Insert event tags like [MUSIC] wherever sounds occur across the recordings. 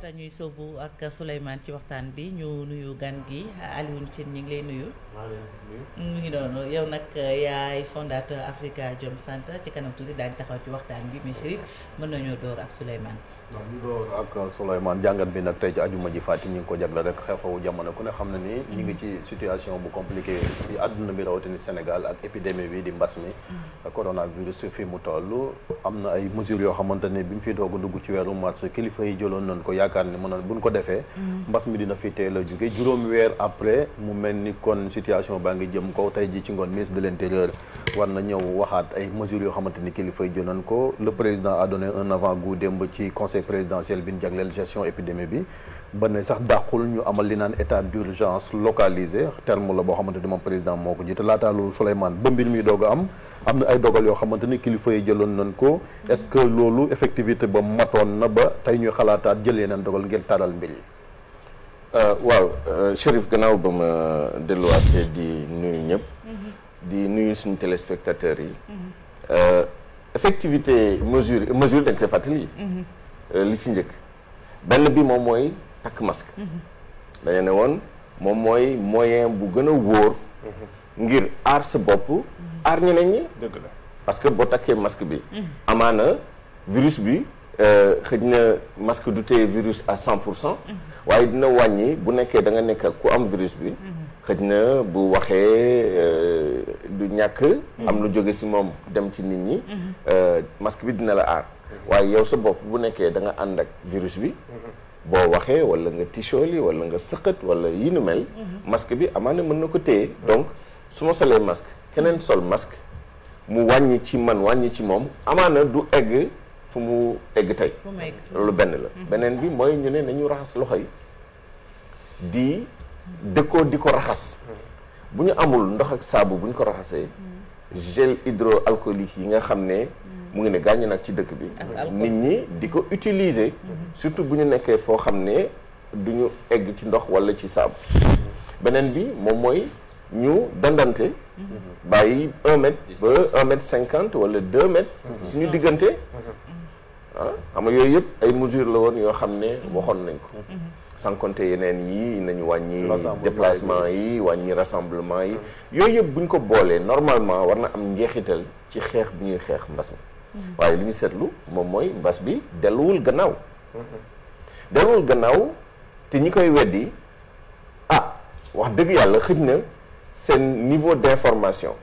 laata ñuy sóobu ak Souleymane ci waxtaan bi ñu nuyu gan gi Alioune Tine ñu ngi lay nuyu. mu ngi noonu yow nag yaay fondateur Afrikajom Center ci kanam tuuti daañu taxaw ci waxtaan bi mais mën nañoo door ak Souleymane. ak Souleymane jàngat bi nag tey ci ajuma ji fàtti ñu ngi ko jagle rek xew-xewu jamono ku ne xam na ni ñi ngi ci situation bu compliqué bi àdduna bi rawatina Sénégal ak épidémie bi di mbas mi mm. coronavirus fi mu toll am na ay mesures yoo xamante ni bi mu fi doog dugg ci weeru mars kilifa yi jëloon nañ ko yaakaar ni mën a buñ ko defee mm. mbas mi dina fi teel a jóge juróomi weer après mu mel ni kon situation baa ngi jëm ko tey ji ci ngoon ministre de l'intérieur war na ñëw waxaat ay mesures yoo xamante ni kilifa yi jonan ko le président a donné un avant-goût démb ci conseil présidentiel bi ñu jagleel gestion épidémie bi ba ne sax dàqul ñu amal li naan état d'urgence localisé terme la boo xamante ni moom président moo ko jiite laataa loolu Souleymane ba mbir mi doog am am na ay dogal yoo xamante ni kilifa yi jëloon nañ ko est-ce que loolu effectivité ba matoon na ba tey ñuy xalaataat jël yeneen dogal ngir taaral mbir yi. Euh, waaw euh, gannaaw ba ma delluwaatee di nuyu ñëpp. di nuyu suñu téléspectateurs yi. Euh, effectivité mesure mesure dañ koy fàttali. Euh, li ci njëkk benn bi moom mooy takk masque. dañu ne woon moom mooy moyen bu gën a wóor. ngir aar sa bopp. aar ñeneen ñi. dëgg parce que boo takkee masque bi. amaana virus bi euh, xëj na masque du téye virus a cent pour cent. waaye dina wàññi bu nekkee da nga nekk ku am virus bi. xëj na bu waxee du ñàkk. am lu jóge ci moom dem ci nit ñi. Euh, masque bi dina la aar. waaye yow sa bopp bu nekkee da nga ànd ak virus bi. boo waxee walla nga tisooli walla nga sëqat walla yi nu mel. masque bi amaana mën na ko téye. donc su ma solee masque keneen sol masque mu wàññi ci man wàññi ci moom amaana du egg fu mu egg tey. loolu benn la. beneen bi mooy ñu ne nañu raxas loxo yi di dëkkoo di ko raxas. bu ñu amul ndox ak saabu buñ ko raxasee gel hydroalcoolique yi nga xam ne mu ngi ne gàññi nag ci dëkk bi nit ñi di ko utiliser mhm. surtout bu ñu nekkee foo xam ne du ñu egg ci ndox walla ci saabu beneen bi moom mooy ñu dandante mhm. bàyyi un mètre ba un mètre cinquante walla deux mètres mhm. suñu diggante ah xam nga yooyu yëpp ay mesures la woon yoo xam ne waxoon nañ ko sans compter yeneen yi nañu wàññi déplacement yi wàññi rassemblement yi yooyu yëpp bu ñu ko boolee normalement war na am njeexital ci xeex bi ñuy xeex mbas mi mhm. waaye li ñu seetlu moom mooy mbas bi delluwul gannaaw delluwul gannaaw te ñi koy weddi ah wax dëgg yàlla xëj na seen niveau d'information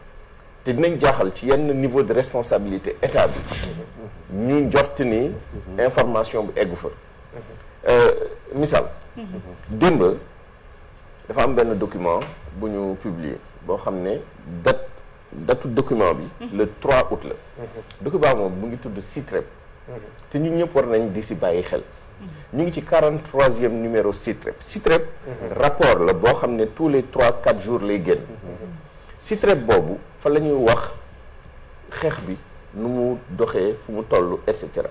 te dinañ jaaxal ci yenn niveau de responsabilité état bi mhm. ñu njort ni mhm. information bu eggu fa euh, misaal démb dafa am benn document bu ñu publier boo xam ne date datu document bi. Mhm. le 3 out la. Mhm. document moom mu ngi tudd CITREP. Mhm. te ñun ñëpp war nañ di si bàyyi xel. ñu ngi ci 43e numéro CITREP CITREP. rapport la boo xam ne tous les 3 quatre jours lay génn. CITREP boobu fa la ñuy wax xeex bi lu mu doxee fu mu toll et cetera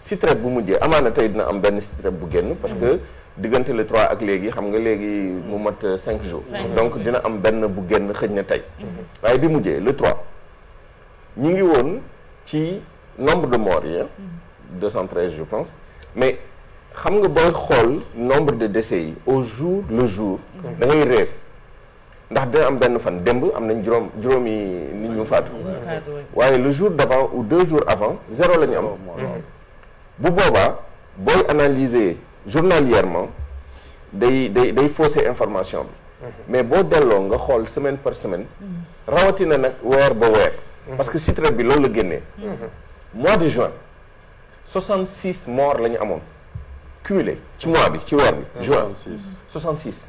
CITREP bu mujjee amaana tey dina am benn CITREP bu génn diggante le trois ak léegi xam nga léegi mu mat euh, cinq jours. donc dina am benn bu génn xëñ na tey. Mm-hmm. waaye bi mujjee le trois ñu ngi woon ci nombre de morts yi mm-hmm. je pense mais xam nga booy xool nombre de décès yi au jour le jour. Mm-hmm. da ngay réer ndax dina am benn fan démb am nañ juróom juróomi nit ñu faatu. waaye le jour d'avant ou deux jours avant zéro lañu ñu am. bu boobaa booy analyser. journalièrement day day day fausser information bi mhm. mais boo delloo nga xool semaine par semaine rawatina nag weer ba weer mhm. parce que CITRES bi loolu la génnee mhm. mois de juin 66 morts la ñu amoon cumulé ci mois bi ci weer bi juin 66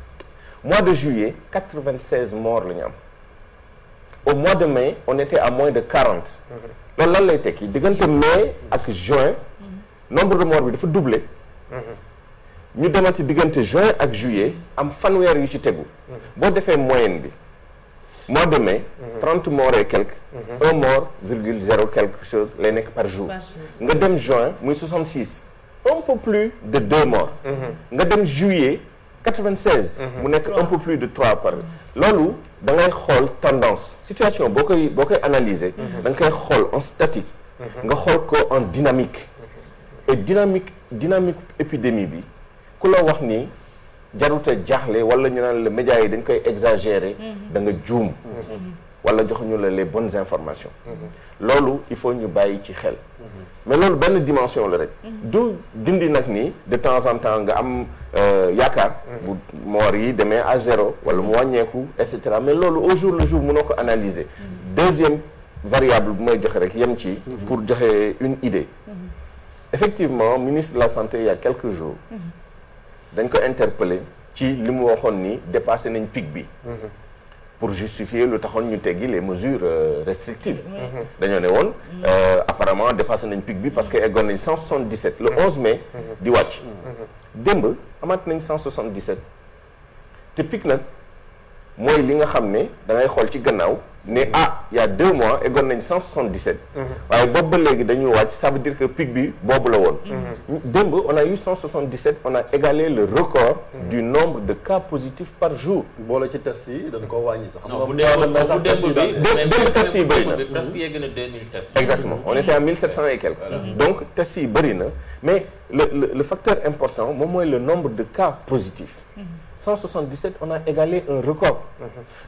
mois de juillet 96 morts la ñu am au mois de mai on était à moins de 40 loolu lan lay tekki diggante mai ak juin nombre de morts bi dafa doublé ñu demal ci diggante juin ak juillet am fanweer yu ci tegu mhm. boo defee moyenne bi mois de mai mhm. trente morts et quelques mhm. un mort virgule quelque chose lay nekk par jour nga dem juin muy soixante six un peu plus de deux morts nga dem juillet quatre vingt mu nekk un peu plus de trois par loolu da xool tendance situation boo koy boo koy analyser da nga koy xool en statique nga xool ko en dynamique et dynamique dynamique épidémie bi ku la wax nii jarut a jaaxle wala ñu naan la médias yi dañ koy exagérer. Mhm. da nga juum. Mhm. wala jox ñu la les bonnes informations. Mhm. loolu il faut ñu bàyyi ci xel. mais loolu benn dimension la rek. du dindi nag nii de temps en temps nga am euh, yaakaar. bu moor yi demee à zéro wala mu wàññeeku et cetera mais loolu au jour le jour mënoo ko analyser. deuxième variable bu may joxe rek yem ci. pour joxe une idée. effectivement ministre de la santé il y a dañ ko interpeller ci li mu waxoon ni dépassé nañ pic bi pour justifier lu taxoon ñu teggi les mesures euh, restrictives mm-hmm. dañoo ne woon euh, apparemment dépassé nañ pic bi parce que eggoon nañ 177 le 11 mai mm-hmm. di wàcc mm-hmm. démb amaat nañ 177 te pic nag mooy li nga xam ne dangay xool ci gannaaw ne ah il y a deux mois eggoon nañ 177. waaye boobu ba léegi dañuy wàcc ça veut boobu la woon. démb on a eu on a égalé le record. du nombre de cas positifs par jour. boole ci test yi dañ koo wàññi sax. non bu démb test yi bëri na presque yegg na 2000 exactement on était à donc test yi mais le le facteur important moom mooy le nombre de cas positifs. on a égalé un record.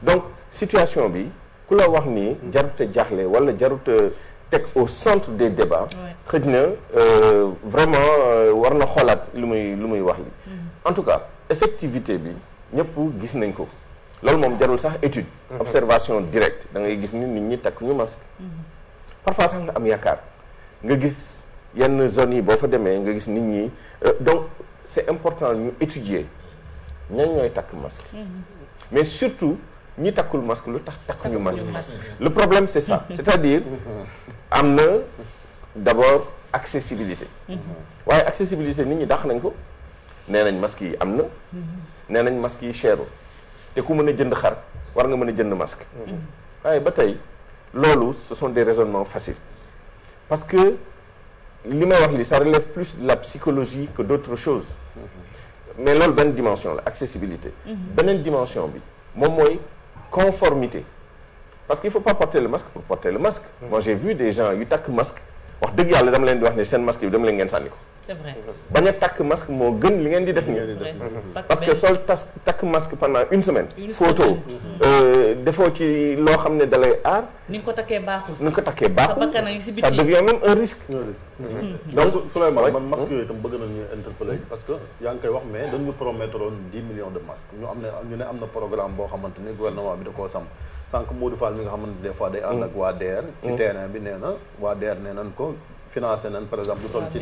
donc situation bi. ku la wax nii jarut a jaaxle wala jarut a teg au centre des débats xëj na euh, vraiment euh, war na xoolaat lu muy lu muy wax li mm-hmm. en tout cas effectivité bi ñëpp gis nañ ko loolu moom jarul sax étude mm-hmm. observation directe da ngay gis ni nit ñi takk ñu masque mm-hmm. parfois sax nga am yaakaar nga gis yenn zones yi boo fa demee nga gis nit ñi euh, donc c'est important ñu étudier ñan ñooy takk masque mais surtout ñi takkul masque lu tax takkuñu masque lu problème c'est ça c'est-à-dire mm-hmm. am na d'abord accessibilité mm-hmm. waaye accessibilité nit ñi dàq nañ ko nee nañ masque yi am na mm-hmm. nee nañ masque yi cherul te ku mën a jënd xar war nga mën a jënd masque waaye ba tey loolu ce sont des raisonnements faciles parce que li may wax li ça relève plus de la psychologie que d'autres choses mais loolu benn dimension la accessibilité beneen dimension bi moom mooy conformité parce qu'il faut pas porter le masque pour porter le masque. Mm-hmm. moi j'ai vu des gens yu takk masque wax dëgg yàlla dama leen di wax ne seen masque yi dama leen ngeen sànni ko. c'est a takk masque moo gën li ngeen di def nii. parce que sol takk masque pendant une semaine. photo euh, defoo ci loo xam ne dalay aar. ni nga ko takkee baaxul. ni nga ko takkee baaxul ça devient même un risque. un risque. Mm-hmm. Mm-hmm. Mm-hmm. donc Souleymane man masque yooyu itam bëgg nañu interpeller parce que yaa ngi koy wax mais dañu promettre dix millions de masques ñu ne am na programme boo xamante ni bi da koo sam sànq Modou Fall mi nga xamante des day ànd ak waa DER. ci terrain bi nee waa DER nee nañ ko financé nañ par exemple lu toll ci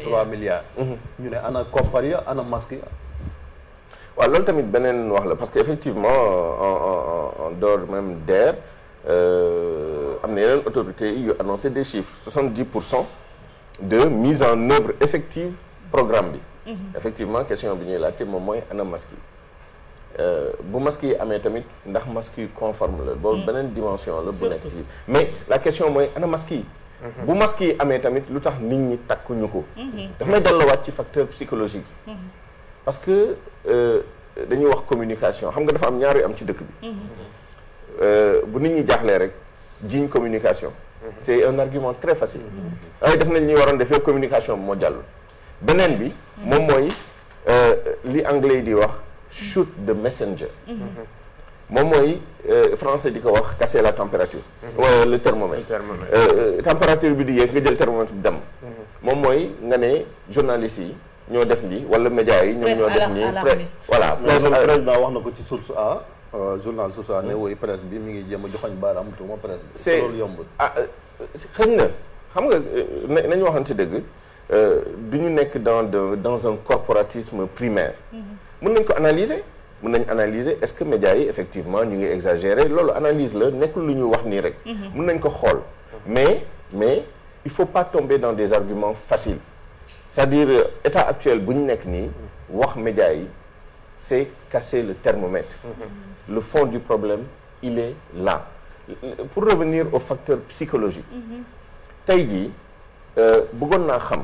waa loolu tamit beneen wax la parce que effectivement en en en dehors même DER euh, am na yeneen autorités yu annoncé des chiffres 70 pour cent de mise en œuvre effective programme bi. Mhm. effectivement question bi ñuy laajte moom mooy ana masque yi euh, bu masque yi amee tamit ndax masque yi conforme la. boobu mhm. beneen dimension la bu nekk ci mais la question mooy ana maski mhm. bu maski yi amee tamit lu tax nit ñi takkuñu ko. daf may delluwaat ci facteur psychologique. parce que euh, dañuy wax communication xam nga dafa am ñaari am ci dëkk bi. Euh, bu nit ñi jaaxlee rek jiñ communication. c'est un argument très facile. waaye def nañ ñi waroon def yëpp communication bi moo jàll. beneen bi moom mooy euh, li anglais di wax shoot the messenger. moom mooy français di ko wax casser la température. wala le thermomètre. température bi di yéeg nga jël thermomètre bi dem. moom mooy nga ne journaliste yi. ñoo def lii wala média yi ñoom ñoo def nii voilà euh, président wax na ko ci source A euh, journal source A ne woy presse bi mi ngi jéem a joxoñ baaraam tuuma presse bi c'est loolu yombul ah, euh, na xam nga nañu waxante dëgg du ñu nekk dans de dans un corporatisme primaire mun mm-hmm. nañ ko analyser mun nañ analyser est-ce que médias yi effectivement ñu ngi exagérer loolu analyse la nekkul lu ñuy wax nii rek mun mm-hmm. nañ ko xool mais mais il faut pas tomber dans des arguments faciles c'est-à-dire état actuel bu ñu nekk nii wax média yi c'est casser le thermomètre le fond du problème il est là pour revenir au facteur psychologique tey jii euh, bëggoon naa xam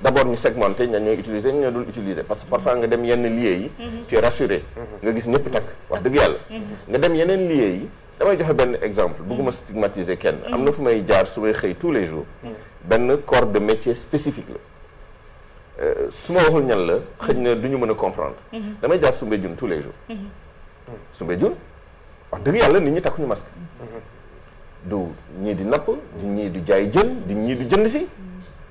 d'abord ñu segmenté ña ñooy utiliser ña dul utiliser parce que parfois nga dem yenn lie yi tu es rassuré nga gis ñëpp takk wax dëgg yàlla nga dem yeneen lieux yi damay joxe benn exemple bëgguma stigmatiser kenn am na fu may jaar su may xëy tous les jours benn corps de métier spécifique la Euh, su ma waxul ñan la xëy na du ñu mën a comprendre. Mhm. damay jaar Soumbédioune tous les jours. Mhm. Soumbédioune wax dëgg yàlla nit ñi takkuñu masque. Mhm. du ñii di napp di ñii di jaay jën di ñii di jënd si.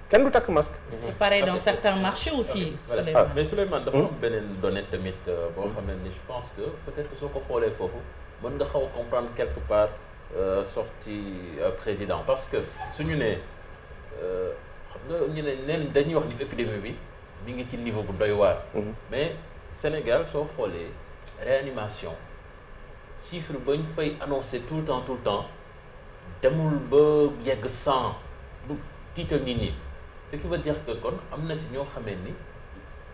kenn du takk masque. c'est pareil dans certains marchés aussi. Souleymane ah, mais Souleymane dafa hmm? am tamit euh, boo hmm? xam ne je pense que peut-être que ko xoolee foofu mën nga xaw comprendre quelque part euh, sortie président parce que suñu nee. xam ñu ne neen dañuy wax ni épidémie bi mi ngi ci niveau bu doy waar. Mhm. mais Sénégal soo xoolee réanimation chiffre bañ fay annoncé tout le temps tout le temps demul ba yegg cent du tiital nit ñi ce qui veut dire que kon am na si ñoo xamee ni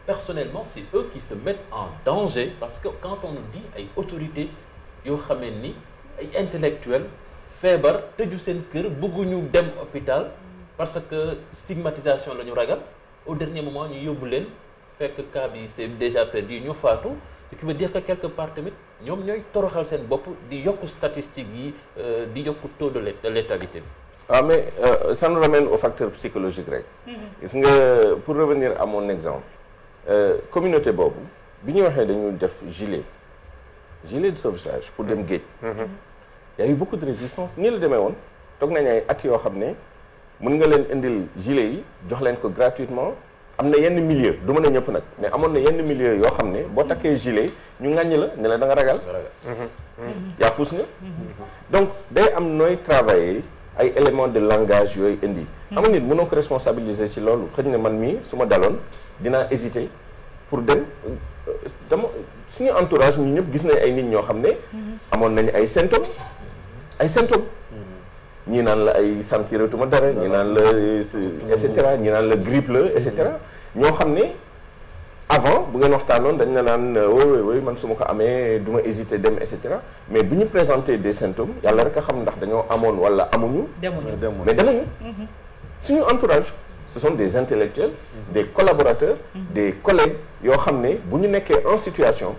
personnellement c'est eux qui se mettent en danger parce que quand on nous dit ay autorités yoo xamee ni ay intellectuels feebar tëju seen kër bëgguñu dem hôpital parce que stigmatisation la ñu ragal au dernier moment ñu yóbbu leen fekk cas bi c'est déjà perdu ñu faatu ce qui veut dire part tamit ñoom ñooy toroxal seen bopp di yokk statistique yi euh, di yokk taux de létalité bi waaw ah, mais euh, ça nous au facteur psychologique rek mm-hmm. gis nga pour revenir à mon exemple euh, communauté boobu bi ñuy waxee dañu def gilet gilet de sauvetage pour dem mm-hmm. géej mm-hmm. y a eu beaucoup de résistance nii la demee woon toog nañ ay at yoo xam ne mën nga leen indil gilet yi jox leen ko gratuitement am na yenn milieu du mën a ñëpp nag mais amoon na yenn milieu yoo xam ne boo takkee gilet ñu la ne la da nga ragal mhm. Mhm. yaa fuus nga donc day am nooy travailler ay éléments de langage yooyu indi mhm. ama nit mënoo ko responsabiliser ci loolu xëñ na man mii su daloon dinaa hésiter pour dem euh, dama suñu entourage ñu ñëpp gis nañ ay nit ñoo xam ne amoon nañu ay symptômes ay symptômes ñi naan la ay santiratuma dara ñi naan la euh, et cetera ñi naan la grippe la et cetera ñoo xam ne avant bu ngeen waxtaanoon dañ na naan woy euh, woy man su ma ko amee du ma hésité dem et cetera mais bu ñu présenté des symptômes yàlla rek a xam ndax dañoo amoon wala amuñu mais demuñu mhm. suñu entourage ce sont des intellectuels mhm. des collaborateurs mhm. des collègues yoo xam ne bu ñu nekkee en situation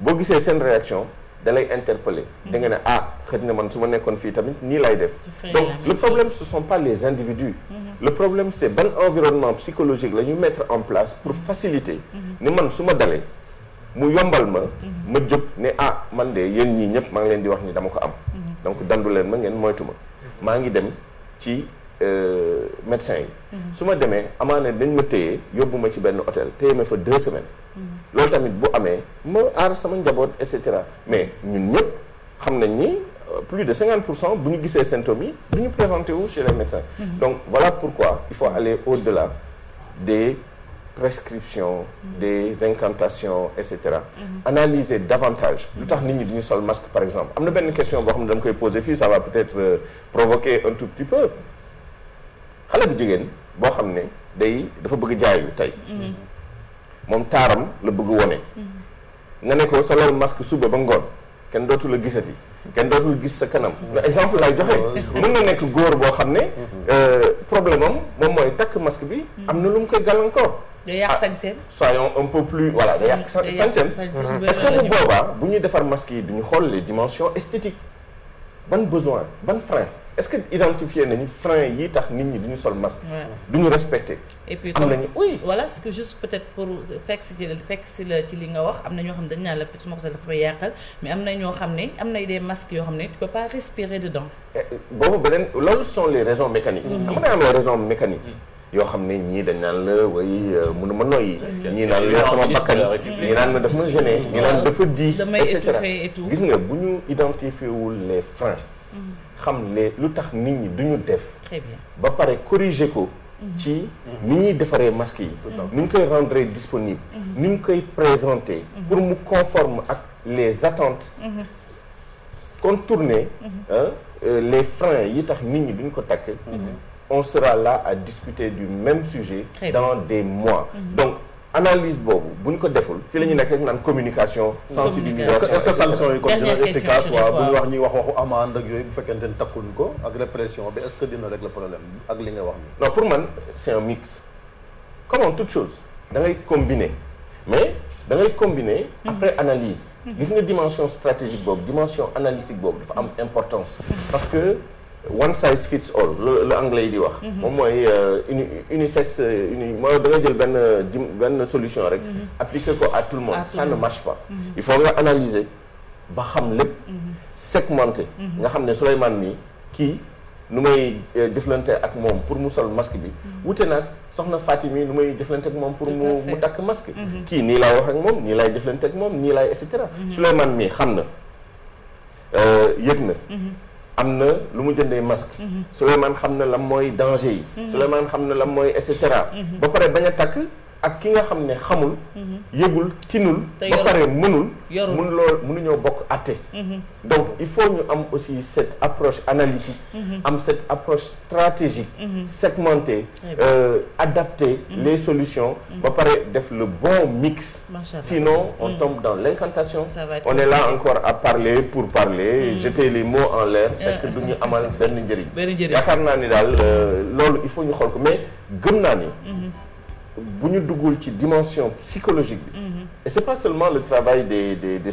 boo gisee seen réaction da lay interpeller mm. da nga ne ah xëy na man su ma nekkoon fii tamit nii lay def donc le problème les individus mm-hmm. le problème c'est ban environnement psychologique la ñu mettre en place pour mm-hmm. faciliter mm-hmm. ni man su ma dalee mu yombal ma ma jóg ne ah man de yéen ñii ñëpp maa ngi leen di wax ni dama ko am donc dandu leen ma ngeen moytu ma maa ngi dem ci euh, médecin yi su ma demee amaana dañ ma téye yóbbu ma ci benn hôtel téye ma fa deux semaines loolu tamit bu amee ma aar sama njaboot et cetera mais ñun ñëpp xam nañ ni euh, plus de 50 pour cent bu ñu gisee symptômes yi du ñu présenté wu chez les médecins. Mm-hmm. donc voilà pourquoi il faut aller au-delà des prescriptions. Mm-hmm. des incantations et cetera. Mm-hmm. analyser davantage. lu tax nit ñi du ñu sol masque par exemple am na benn question boo xam ne dama koy poser fii ça va peut-être euh, provoquer un tout petit peu xale bu jigéen boo xam ne day dafa bëgg jaayu tey. moom taaram la bëgg wone mm-hmm. nga ne ko solal masque suba ba ngoon kenn dootu la gisati kenn dootul gis sa kanam mm-hmm. exemple lay joxe mm-hmm. mën na nekk góor boo xam ne euh, problème am moom mooy takk masque bi am na lu mu koy gàllankoor day yàq ah, sañseem soyons un peu plus voilà day yàq sañseem est bu boobaa bu ñuy defar masque yi duñu xool les dimensions esthétiques ban besoin ban frein est-ce que identifier nañu frein yi tax nit ñi duñu sol masque. duñu respecté. et puis am nañu oui. voilà ce que juste peut-être pour fekk ci fekk si ci li nga wax am na ñoo xam ne dañ naan la petit morceau dafa may yàqal mais am na ñoo xam ne am nay des masques yoo xam ne tu peux pas respirer dedans. Eh, eh, boobu beneen loolu sont les na les raisons mécaniques. Mm-hmm. Mm-hmm. yoo xam ne ñii dañ naan la way euh, mënu ma noyyi. ñii naan la sama bakkan ñii naan la daf ma gêné. Mm-hmm. ñii naan dafa diis et gis nga bu ñu identifié wul les xam ne lu tax nit ñi du ñu def. ba pare corriger ko. Mhm. ci ni ñuy defaree masque yi. ni ñu koy rendre disponible. Mhm. ni ñu koy présenter. Mhm. pour mu conforme ak les attentes. contourner. Euh, les freins yi tax nit ñi duñ ko takk. on sera là à discuter du même sujet. dans des mois donc. analyse boobu bu ñu ko deful fii la ñuy nekk rek naan communication. sensibilisation est-ce que sanction yi kon dina efficace bu ñu wax ñuy wax waxu amende ak yooyu bu fekkente ne takkuñ ko ak répression bi est-ce que dina régler problème ak li nga wax ni non pour chose da ngay combiner mais da ngay combiner mm-hmm. après analyse mm-hmm. gis nga dimension stratégique boobu dimension analytique boobu dafa am mm-hmm. importance parce que one size fits all loolu la anglais yi di wax. Mhm. moom mooy euh, uni unisex euh, uni mooy da nga jël benn jim benn solution rek. Mhm. appliquer ko à tout le monde. ça ne marche pas. Mhm. il faut nga analyser ba xam lépp. segmenter. nga xam ne Souleymane mii kii nu may euh, jëflante ak moom pour mu sol masque bi. wute naag soxna Fatimi nu may jëflante ak moom pour mu mu takk masque. kii nii laay wax ak moom nii laay jëflante ak moom nii laay et cetera. Souleymane mii xam na yëg na. am na lu mu jëndee masque mhm. Souleymane xam na lan mooy danger yi mhm. Souleymane xam na lan mooy et cetera mhm. ba pare a takk ak ki nga xam ne xamul. yëgul tinul. te ba pare mënul. yorul mun loo mënuñoo bokk àtte. Mhm. donc il faut ñu am aussi cette approche analytique. Mhm. am cette approche stratégique. Mhm. segmenter eh euh, adapte les solutions. ba pare def le bon mix. sinon on tombe dans l'incantation on est là encore à parler pour parler jeter les mots en l'air. Eh, fekk du ñu amal benn njëriñ. [LAUGHS] yaakaar naa ni daal euh, loolu il faut ñu xool ko mais gëm naa ni. bu ñu duggul ci dimension psychologique bi. Mhm. et c'est pas seulement le travail des des des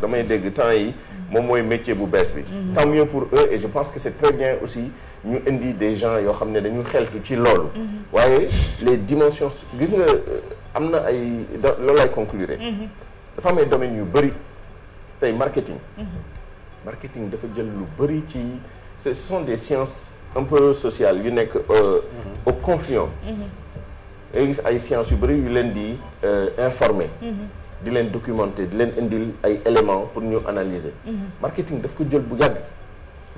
damay dégg temps yi mhm. moom mooy métier bu bees bi. Mhm. tant mieux pour eux et je pense que c'est très bien aussi ñu indi des gens yoo xam ne dañu xeltu ci loolu. waaye les dimensions gis nga euh, am na ay da loolu lay conclure. dafa am ay domaines yu bëri tey marketing. marketing dafa jël lu bëri ci ce sont des sciences un peu sociales yu nekk euh, au confluent. ngay gis ay sciences yu bëri yu leen di euh, informer mhm. di leen documenter di leen indil ay élément pour ñu analyser mhm. marketing daf ko jël bu yàgg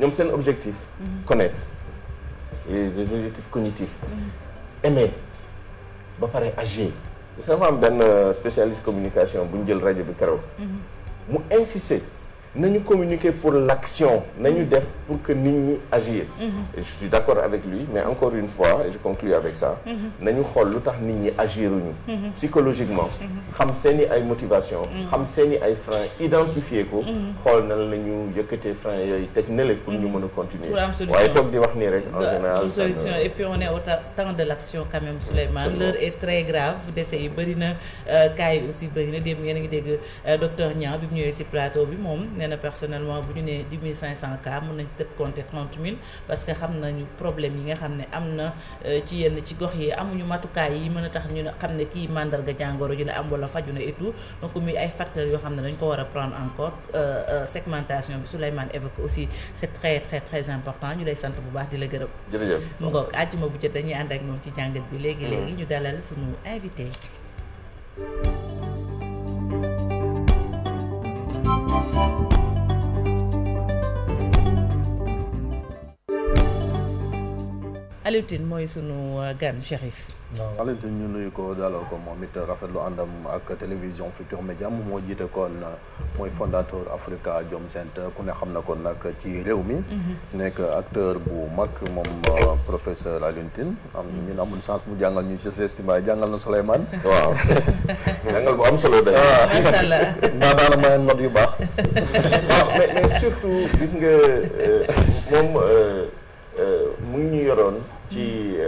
ñoom seen objectif mhm. connaître les objectifs cognitifs aimer ba pare agir dafa am benn euh, spécialiste communication bu ñu jël rajo bi keroog mu insister nañu communiquer pour l'action nañu mm-hmm. def pour que nit ñi agir mm-hmm. je suis d'accord avec lui mais encore une fois et je conclus avec ça mm-hmm. nañu xool lu tax nit ñi agiruñu psychologiquement xam seeni ay motivation xam seeni ay frein identifier ko xool nan la ñu yëkkatee frein yooyu teg nele pour ñu mën a continuer waaye toog di wax nii rek en général solution et puis on est au temps de l'action quand très grave décès yi bëri na euh, cas yi aussi bëri na démb ngeen a ngi dégg euh, docteur Niang si plateau bi moom nee na personnellement bu ñu nee dix mille cinq cent cas mën nañ tëg compter trente mille parce que xam nañu problème yi nga xam ne am na euh, ci yenn ci gox yi amuñu matukaay yi mën a tax ñu ne xam ne kii mandarga jàngoro ju ne am wala faju na et tout donc muy ay facteurs yoo xam ne dañ ko war a prendre encore euh, euh, segmentation bi su Souleymane évoque aussi c'est très très très important ñu lay sant bu baax di la gërëm. jërëjëf mu ngoog ma bu jot dañuy ànd ak moom ci jàngat bi léegi léegi mm-hmm. ñu dalal suñu invité. Alioune Tine mooy sunu euh, gan Chérif waaw ñu nuyu ko dalal ko moom it rafetlu àndam ak télévision Futur Média moom moo jiite kon mooy fondateur Africa Jom Center ku ne xam na ko nag ci réew mi. Mhm. nekk acteur bu mag moom professeur Alioune Tine am ñun amul chance mu jàngal ñu ci Sestima jàngal na Souleymane. waaw [LAUGHS] jàngal bu am solo de. macha daana mayoon note yu baax. [LAUGHS] waaw mais mais surtout gis nga euh, moom euh, euh, mu ngi ñu yoroon ci.